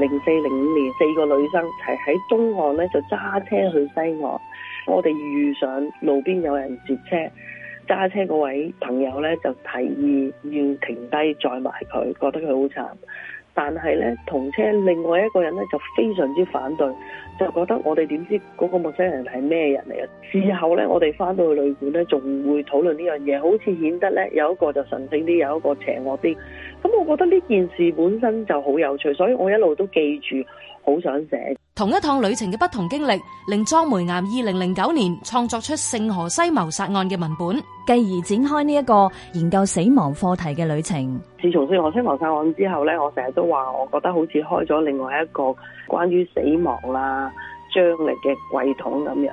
零四零五年，四個女生齊喺東岸咧，就揸車去西岸。我哋遇上路邊有人截車。揸車嗰位朋友咧就提議要停低載埋佢，覺得佢好慘。但係咧同車另外一個人咧就非常之反對，就覺得我哋點知嗰個陌生人係咩人嚟啊？之後咧我哋翻到去旅館咧仲會討論呢樣嘢，好似顯得咧有一個就純正啲，有一個邪惡啲。咁我覺得呢件事本身就好有趣，所以我一路都記住，好想寫。同一趟旅程嘅不同經歷，令莊梅岩二零零九年創作出《聖荷西謀殺案》嘅文本，繼而展開呢一個研究死亡課題嘅旅程。自從《聖荷西謀殺案》之後咧，我成日都話，我覺得好似開咗另外一個關於死亡啦、啊、張力嘅櫃桶咁樣。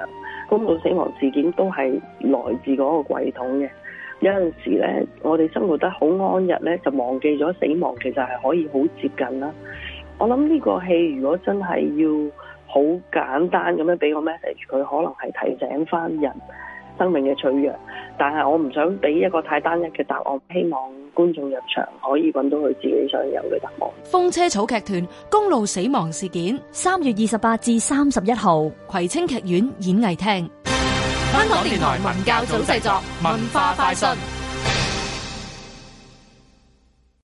公布死亡事件都係來自嗰個櫃桶嘅。有陣時咧，我哋生活得好安逸咧，就忘記咗死亡其實係可以好接近啦。我諗呢個戲如果真係要。簡單咁樣俾個 message，佢可能係提醒翻人生命嘅脆弱，但係我唔想俾一個太單一嘅答案，希望觀眾入場可以揾到佢自己想有嘅答案。風車草劇團《公路死亡事件》，三月二十八至三十一號，葵青劇院演藝廳。香港電台文教組製作文化快訊。